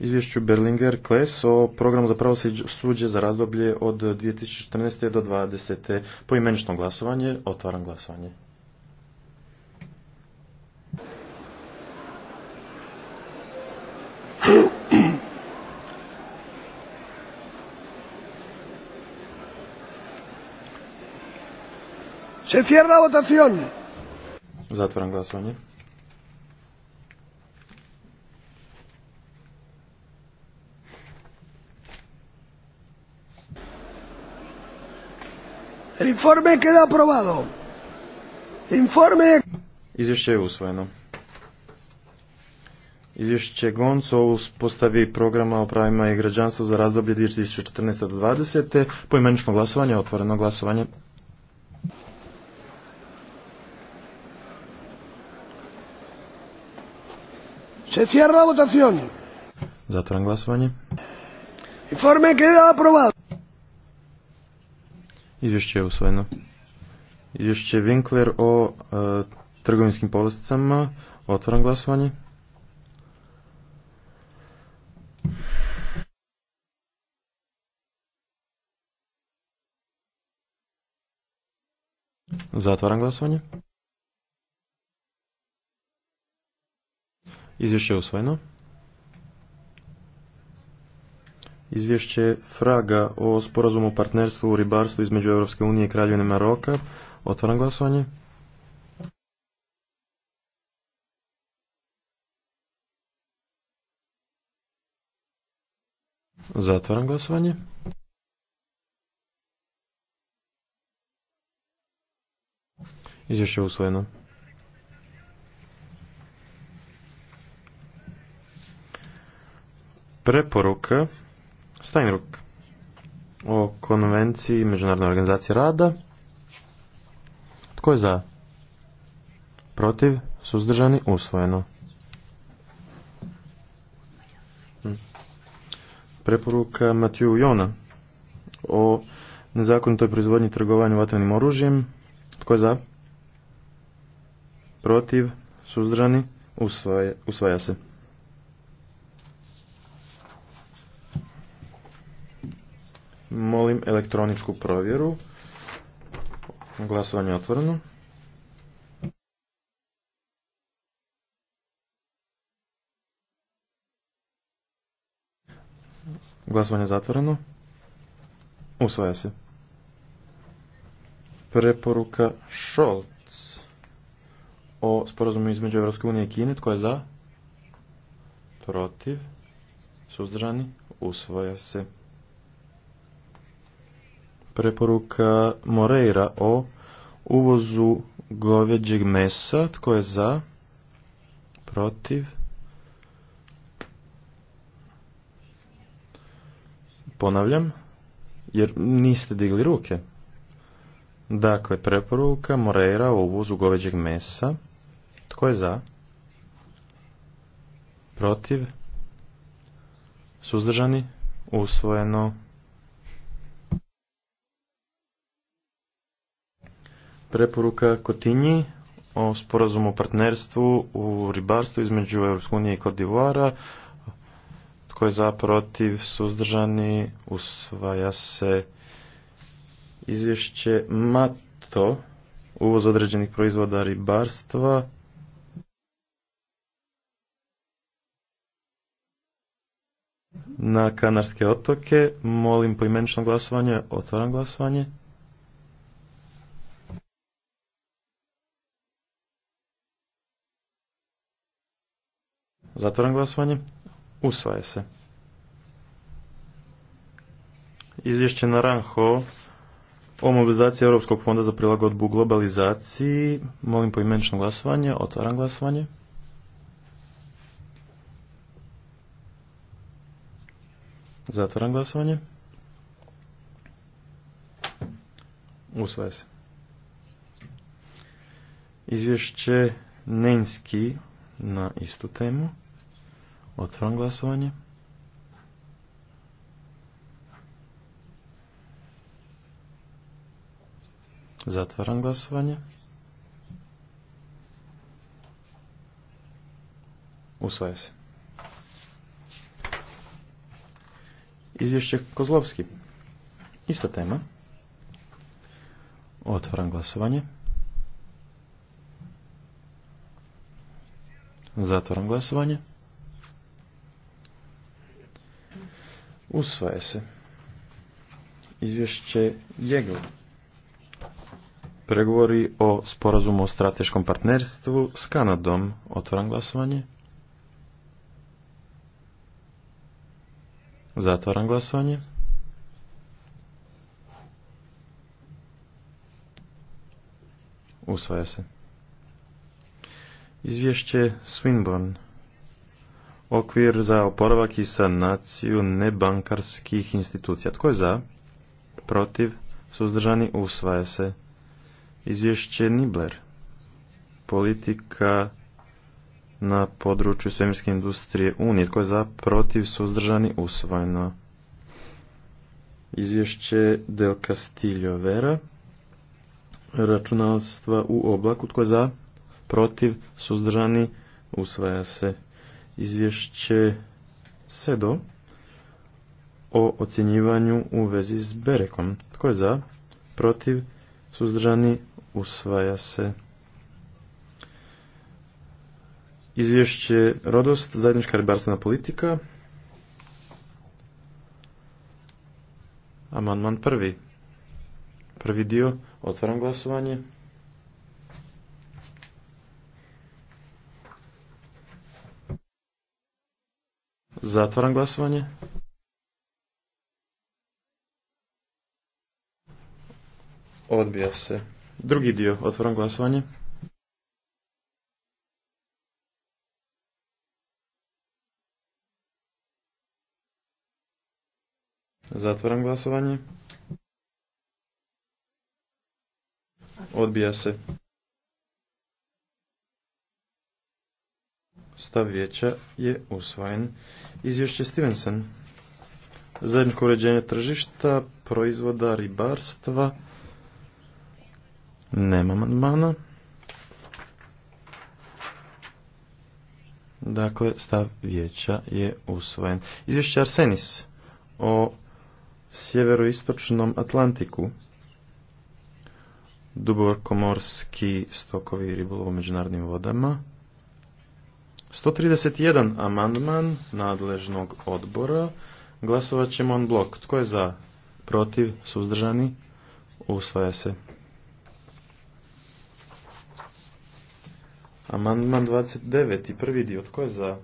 izvješću Berlinger Kles o programu za pravosuđe za razdoblje od 2014. do 2020. Poimenično glasovanje, otvaram glasovanje. Se cierra votación. Zatvaram glasovanje. El informe queda Informe... Izvješće je usvojeno. Izvješće GONC o uspostavi programa o pravima i građanstvu za razdoblje 2014. do 2020. Poimenično glasovanje, otvoreno glasovanje. Se cierra la votación. Zatvaram glasovanje. Informe je aprobado. Izvješće je usvojeno. Izvješće Winkler o e, trgovinskim povlasticama. Otvoran glasovanje. Zatvaram glasovanje. Izvješće je usvojeno. izvješće Fraga o sporazumu o partnerstvu u ribarstvu između Europske unije i Kraljevine Maroka. Otvaram glasovanje. Zatvaram glasovanje. Izvješće je usvojeno. Preporuka Steinruck o konvenciji Međunarodne organizacije rada. Tko je za? Protiv? Suzdržani? Usvojeno. Hm. Preporuka Matiju Jona o nezakonitoj proizvodnji trgovanju vatrenim oružjem. Tko je za? Protiv? Suzdržani? usvaja se. Molim elektroničku provjeru. Glasovanje otvoreno. Glasovanje zatvoreno. Usvaja se. Preporuka Scholz o sporazumu između Europske unije i Kine. Tko je za? Protiv? Suzdržani? Usvaja se preporuka Moreira o uvozu goveđeg mesa. Tko je za? Protiv? Ponavljam, jer niste digli ruke. Dakle, preporuka Moreira o uvozu goveđeg mesa. Tko je za? Protiv? Suzdržani? Usvojeno. Preporuka Kotinji o sporazumu o partnerstvu u ribarstvu između Europske unije i Kodivora. Tko je za, protiv, suzdržani, usvaja se izvješće MATO, uvoz određenih proizvoda ribarstva. Na Kanarske otoke molim poimenično glasovanje, otvaram glasovanje. Zatvaram glasovanje. Usvaje se. Izvješće na Ranho o mobilizaciji Europskog fonda za prilagodbu globalizaciji. Molim poimenično glasovanje. Otvaram glasovanje. Zatvaram glasovanje. Usvaje se. Izvješće Nenski na istu temu. Otvaram glasovanje. Zatvaram glasovanje. Usvaja se. Izvješće Kozlovski. Ista tema. Otvaram glasovanje. Zatvaram glasovanje. Usvaja se. Izvješće Jego. Pregovori o sporazumu o strateškom partnerstvu s Kanadom. Otvoram glasovanje. Zatvaram glasovanje. Usvaja se. Izvješće Swinburne okvir za oporavak i sanaciju nebankarskih institucija. Tko je za? Protiv? Suzdržani? Usvaja se. Izvješće Nibler. Politika na području svemirske industrije Unije. Tko je za? Protiv? Suzdržani? Usvojeno. Izvješće Del Castillo Vera. Računalstva u oblaku. Tko je za? Protiv? Suzdržani? Usvaja se izvješće SEDO o ocjenjivanju u vezi s Berekom. Tko je za? Protiv? Suzdržani? Usvaja se. Izvješće Rodost, zajednička ribarstvena politika. Amandman prvi. Prvi dio, otvaram glasovanje. Zatvaram glasovanje. Odbija se. Drugi dio. Otvaram glasovanje. Zatvaram glasovanje. Odbija se. stav vijeća je usvojen. Izvješće Stevenson. Zajedničko uređenje tržišta, proizvoda, ribarstva. Nema amandmana. Dakle, stav vijeća je usvojen. Izvješće Arsenis o sjeveroistočnom Atlantiku. Dubovarkomorski stokovi ribolov u međunarodnim vodama. 131 amandman nadležnog odbora. Glasovat ćemo on blok. Tko je za? Protiv? Suzdržani? Usvaja se. Amandman 29. Prvi dio. Tko je za?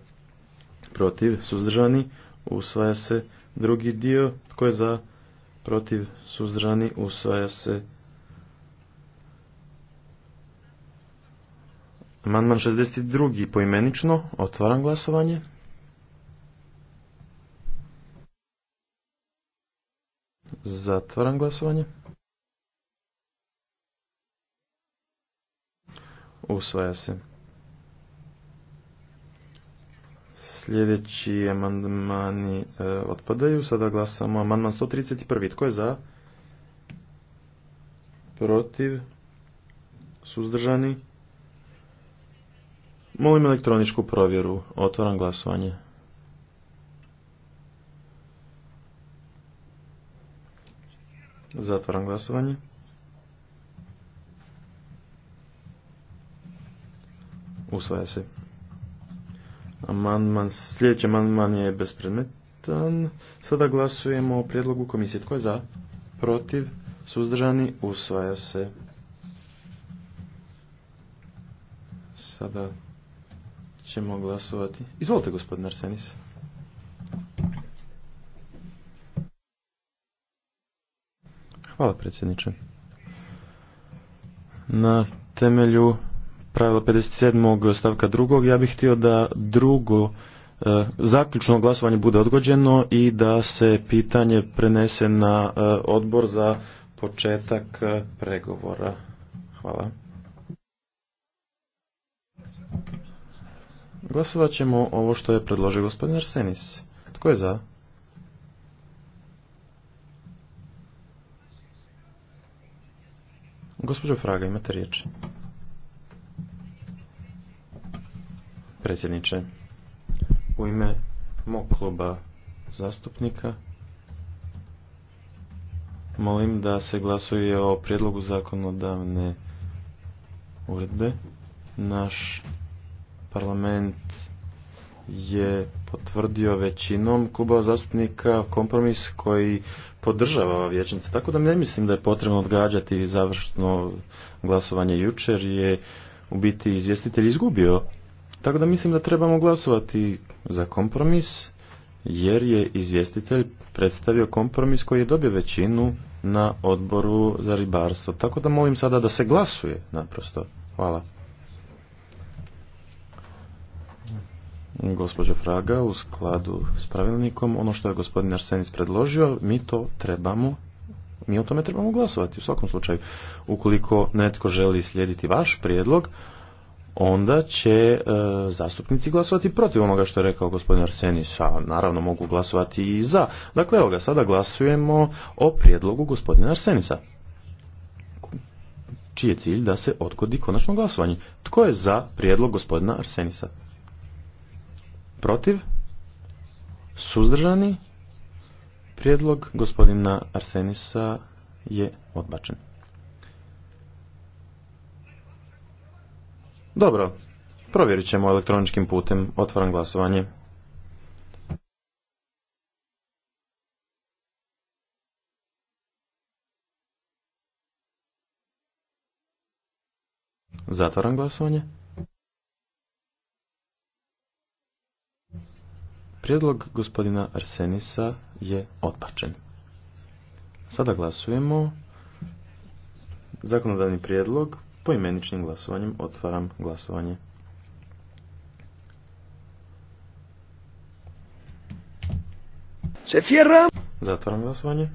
Protiv? Suzdržani? Usvaja se. Drugi dio. Tko je za? Protiv? Suzdržani? Usvaja se. Amandman 62. poimenično. Otvaram glasovanje. Zatvaram glasovanje. Usvaja se. Sljedeći amandmani e, otpadaju. Sada glasamo amandman 131. Tko je za? Protiv? Suzdržani? Molim elektroničku provjeru. Otvaram glasovanje. Zatvaram glasovanje. Usvaja se. Amandman, sljedeći amandman je bespredmetan. Sada glasujemo o prijedlogu komisije. Tko je za? Protiv? Suzdržani? Usvaja se. Sada ćemo glasovati. Izvolite, gospodin Arsenis. Hvala, predsjedniče. Na temelju pravila 57. stavka drugog, ja bih htio da drugo e, zaključno glasovanje bude odgođeno i da se pitanje prenese na e, odbor za početak e, pregovora. Hvala. Glasovat ćemo ovo što je predložio gospodin Arsenis. Tko je za? Gospođo Fraga, imate riječ. Predsjedniče, u ime mog kluba zastupnika molim da se glasuje o prijedlogu zakonodavne uredbe. Naš parlament je potvrdio većinom kluba zastupnika kompromis koji podržava ova vječnica. Tako da ne mislim da je potrebno odgađati završno glasovanje jučer je u biti izvjestitelj izgubio. Tako da mislim da trebamo glasovati za kompromis jer je izvjestitelj predstavio kompromis koji je dobio većinu na odboru za ribarstvo. Tako da molim sada da se glasuje naprosto. Hvala. gospođo Fraga, u skladu s pravilnikom, ono što je gospodin Arsenis predložio, mi to trebamo, mi o tome trebamo glasovati u svakom slučaju. Ukoliko netko želi slijediti vaš prijedlog, onda će e, zastupnici glasovati protiv onoga što je rekao gospodin Arsenis, a naravno mogu glasovati i za. Dakle, evo ga, sada glasujemo o prijedlogu gospodina Arsenisa čiji je cilj da se odgodi konačno glasovanje. Tko je za prijedlog gospodina Arsenisa? Protiv? Suzdržani? Prijedlog gospodina Arsenisa je odbačen. Dobro, provjerit ćemo elektroničkim putem. Otvaram glasovanje. Zatvaram glasovanje. Prijedlog gospodina Arsenisa je odbačen. Sada glasujemo zakonodavni prijedlog poimeničnim glasovanjem otvaram glasovanje. Se Zatvaram glasovanje.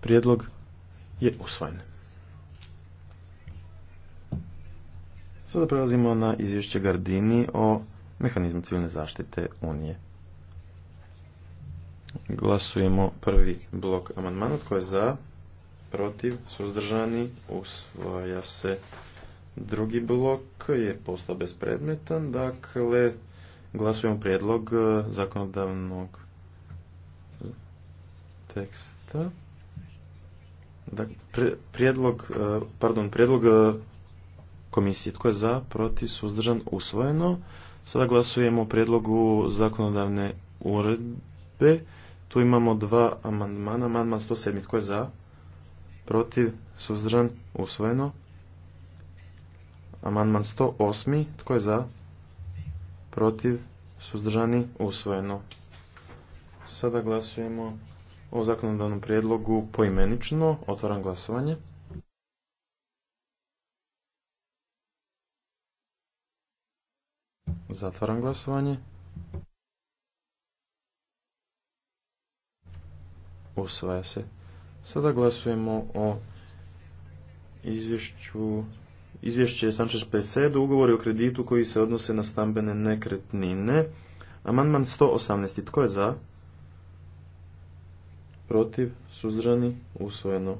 Prijedlog je usvojen. Sada prelazimo na izvješće Gardini o mehanizmu civilne zaštite Unije. Glasujemo prvi blok amandmana. Tko je za? Protiv? Suzdržani? Usvaja se. Drugi blok je postao bespredmetan. Dakle, glasujemo prijedlog e, zakonodavnog teksta. Dakle, prijedlog, e, pardon, prijedlog e, komisije. Tko je za, protiv, suzdržan, usvojeno. Sada glasujemo o prijedlogu zakonodavne uredbe. Tu imamo dva amandmana. Amandman 107. Tko je za? Protiv, suzdržan, usvojeno. Amandman 108. Tko je za? Protiv, suzdržani, usvojeno. Sada glasujemo o zakonodavnom prijedlogu poimenično. Otvaram glasovanje. Zatvaram glasovanje. Usvaja se. Sada glasujemo o izvješću izvješće Sančeš Pesedu, ugovori o kreditu koji se odnose na stambene nekretnine. Amandman 118. Tko je za? Protiv? Suzdržani? Usvojeno.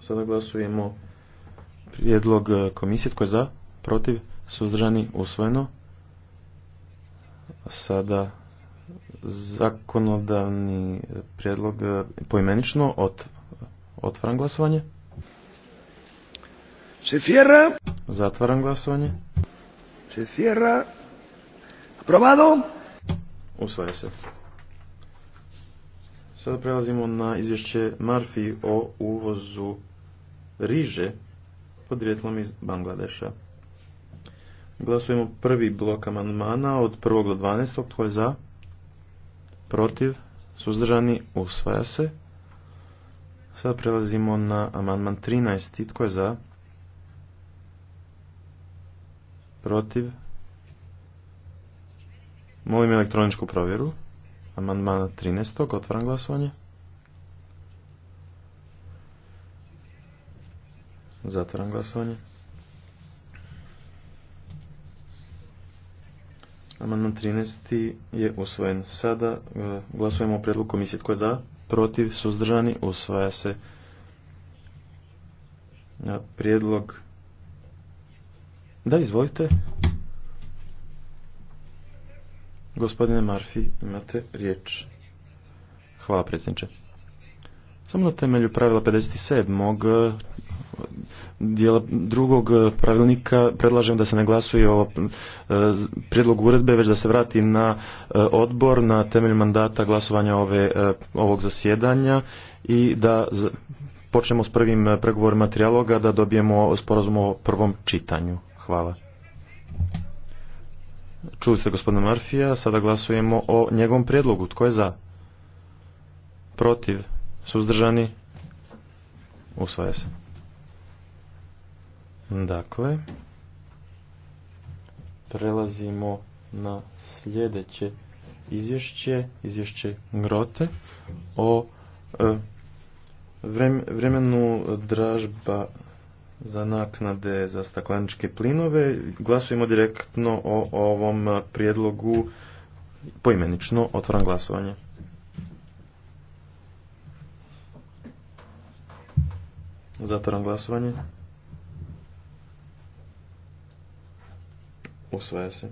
Sada glasujemo prijedlog eh, komisije. Tko je za? Protiv? suzdržani, usvojeno. Sada zakonodavni prijedlog e, poimenično od otvaram glasovanje. Se cierra. Zatvaram glasovanje. Se cierra. Aprobado. Usvaja se. Sada prelazimo na izvješće Marfi o uvozu riže podrijetlom iz Bangladeša. Glasujemo prvi blok amandmana od prvog do 12. Tko je za? Protiv? Suzdržani? Usvaja se. Sada prelazimo na amandman 13. Tko je za? Protiv? Molim elektroničku provjeru. Amandmana 13. Otvaram glasovanje. Zatvaram glasovanje. Amandman 13. je usvojen. Sada e, glasujemo o prijedlogu komisije. Tko je za? Protiv? Suzdržani? Usvaja se na e, prijedlog. Da, izvolite. Gospodine Marfi, imate riječ. Hvala predsjedniče. Samo na temelju pravila 57 dijela drugog eh, pravilnika predlažem da se ne glasuje o eh, prijedlogu uredbe, već da se vrati na eh, odbor na temelju mandata glasovanja ove, ovog zasjedanja i da počnemo s prvim pregovorima trijaloga da dobijemo sporazum o prvom čitanju. Hvala. Čuli ste gospodina Marfija, sada glasujemo o njegovom prijedlogu. Tko je za? Protiv? Suzdržani? Usvaja se. Dakle, prelazimo na sljedeće izvješće, izvješće Grote o e, vremenu dražba za naknade za stakleničke plinove. Glasujemo direktno o ovom prijedlogu poimenično. Otvaram glasovanje. Zatvaram glasovanje. Usvaja se.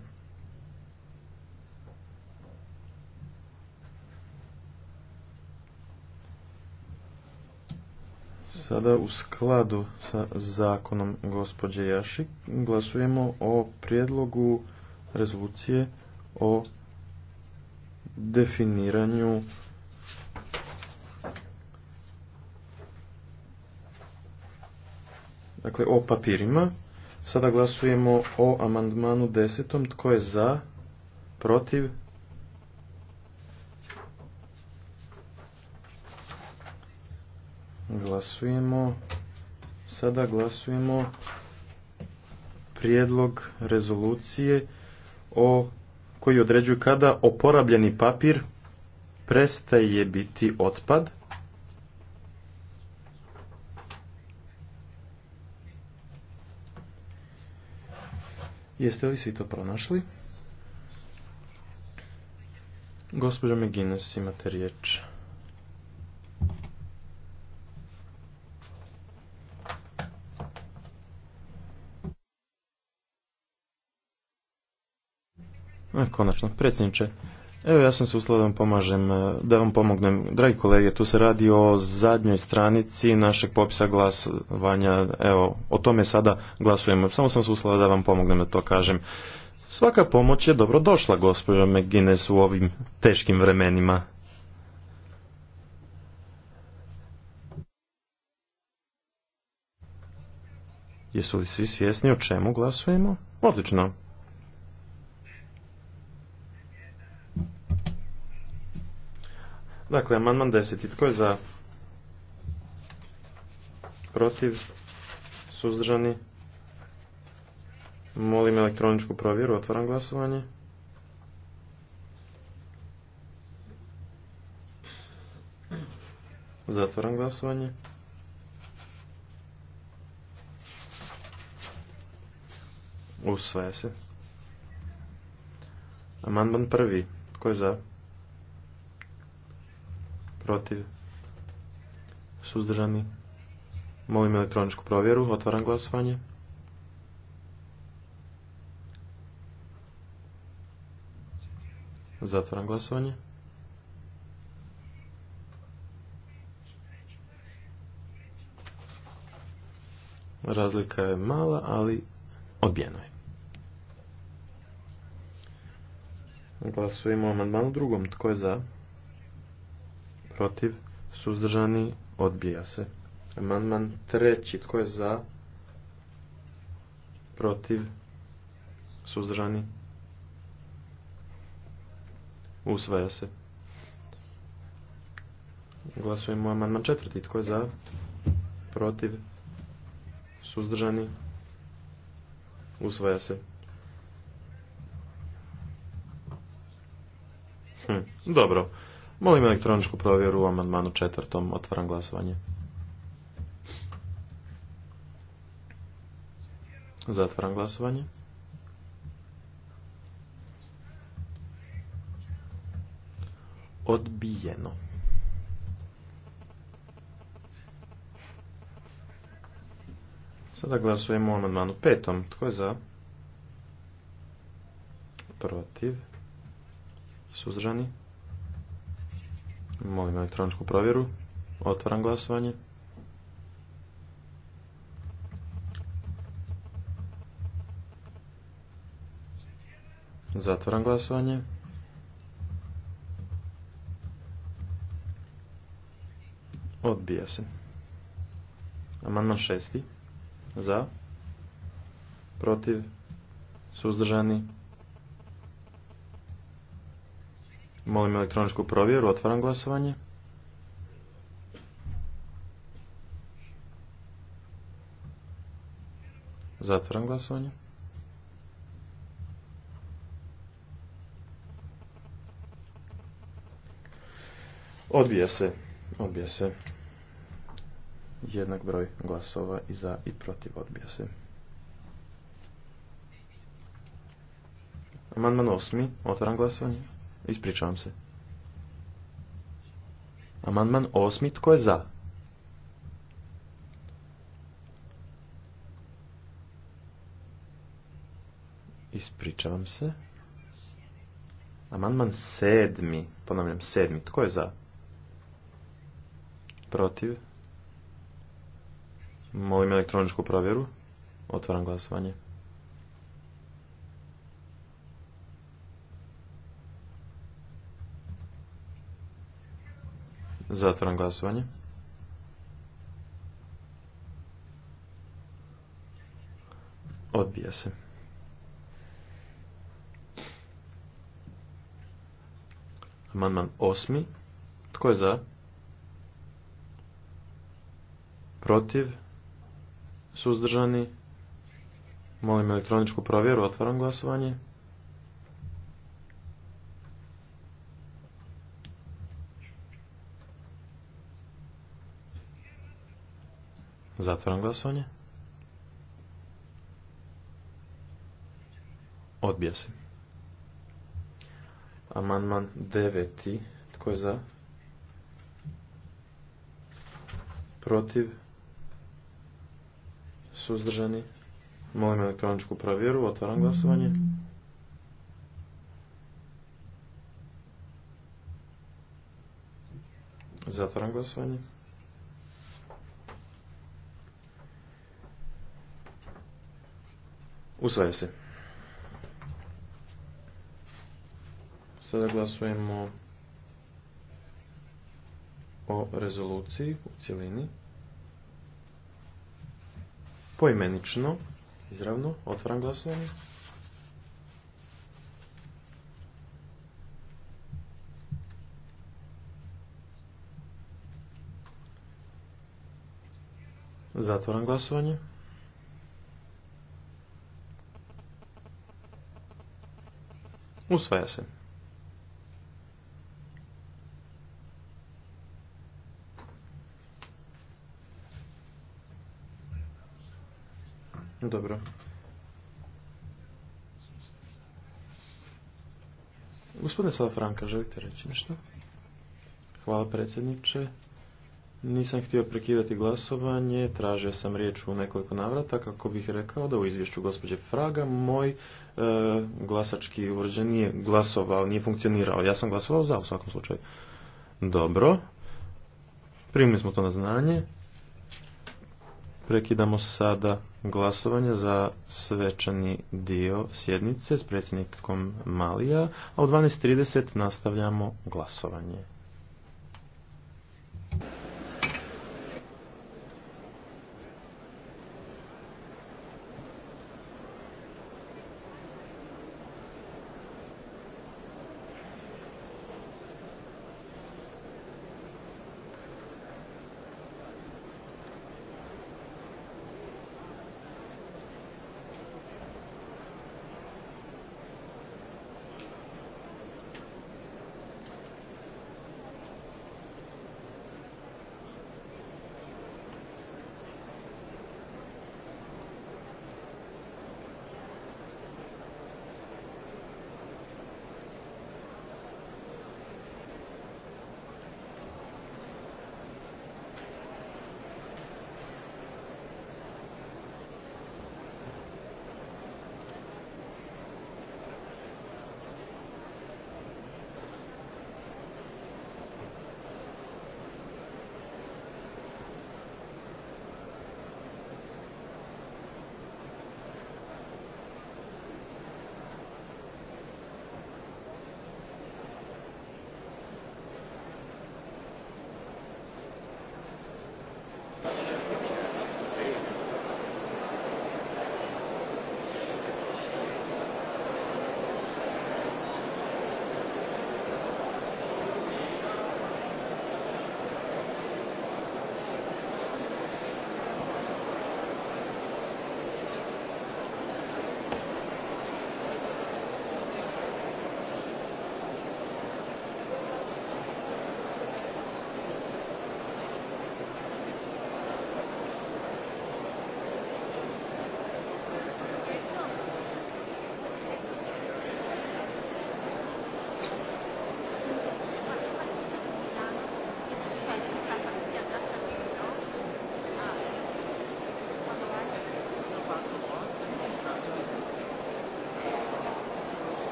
Sada u skladu sa zakonom gospođe Jašik glasujemo o prijedlogu rezolucije o definiranju dakle o papirima Sada glasujemo o amandmanu desetom. Tko je za? Protiv? Glasujemo. Sada glasujemo prijedlog rezolucije o koji određuju kada oporabljeni papir prestaje biti otpad. Jeste li svi to pronašli? Gospođo McGuinness, imate riječ. E, konačno, predsjedniče, Evo ja sam se uslao da vam pomažem, e, da vam pomognem. Dragi kolege, tu se radi o zadnjoj stranici našeg popisa glasovanja. Evo, o tome sada glasujemo. Samo sam se uslao da vam pomognem da to kažem. Svaka pomoć je dobro došla, gospođo McGuinness, u ovim teškim vremenima. Jesu li svi svjesni o čemu glasujemo? Odlično. Dakle, amandman 10. Tko je za? Protiv? Suzdržani? Molim elektroničku provjeru. Otvaram glasovanje. Zatvaram glasovanje. Usvaja se. Amandman prvi. Tko je za? protiv, suzdržani. Molim elektroničku provjeru, otvaram glasovanje. Zatvaram glasovanje. Razlika je mala, ali odbijeno je. Glasujemo o amandmanu drugom. Tko je za? protiv, suzdržani, odbija se. Amandman treći, tko je za, protiv, suzdržani, usvaja se. Glasujemo amandman četvrti, tko je za, protiv, suzdržani, usvaja se. Hm, dobro. Molim elektroničku provjeru u amandmanu četvrtom. Otvaram glasovanje. Zatvaram glasovanje. Odbijeno. Sada glasujemo o amandmanu petom. Tko je za? Protiv. Suzdržani. Molim elektroničku provjeru. Otvaram glasovanje. Zatvaram glasovanje. Odbija se. Amandman šesti. Za. Protiv. Suzdržani. Molim elektroničku provjeru, otvaram glasovanje. Zatvaram glasovanje. Odbija se, odbija se. Jednak broj glasova i za i protiv odbija se. Amandman osmi, otvaram glasovanje. Ispričavam se. Amandman osmi, tko je za? Ispričavam se. Amandman sedmi, ponavljam sedmi, tko je za? Protiv. Molim elektroničku provjeru. Otvaram glasovanje. Zatvoram glasovanje. Odbija se. Amandman osmi. Tko je za? Protiv? Suzdržani? Molim elektroničku provjeru. Otvaram glasovanje. Zatvaram glasovanje. Odbija se. Amandman deveti. Tko je za? Protiv? Suzdržani? Molim elektroničku provjeru. Otvaram glasovanje. Zatvaram glasovanje. Usvaja se. Sada glasujemo o rezoluciji u cjelini. Poimenično, izravno, otvaram glasovanje. Zatvaram glasovanje. Usvaja se. Dobro. Gospodine Salafranka, želite reći nešto? Hvala predsjedniče. Nisam htio prekidati glasovanje, tražio sam riječ u nekoliko navrata kako bih rekao da u izvješću gospođe Fraga moj e, glasački uređaj nije glasovao, nije funkcionirao. Ja sam glasovao za u svakom slučaju. Dobro. Primili smo to na znanje. Prekidamo sada glasovanje za svečani dio sjednice s predsjednikom Malija, a u 12.30 nastavljamo glasovanje.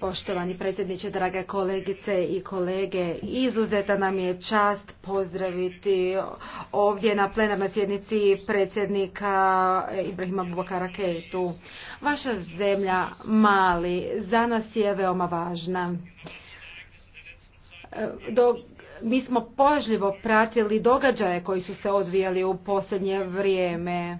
Poštovani predsjedniče, drage kolegice i kolege, izuzeta nam je čast pozdraviti ovdje na plenarnoj sjednici predsjednika Ibrahima Bubakara Keitu. Vaša zemlja, Mali, za nas je veoma važna. mi smo pažljivo pratili događaje koji su se odvijali u posljednje vrijeme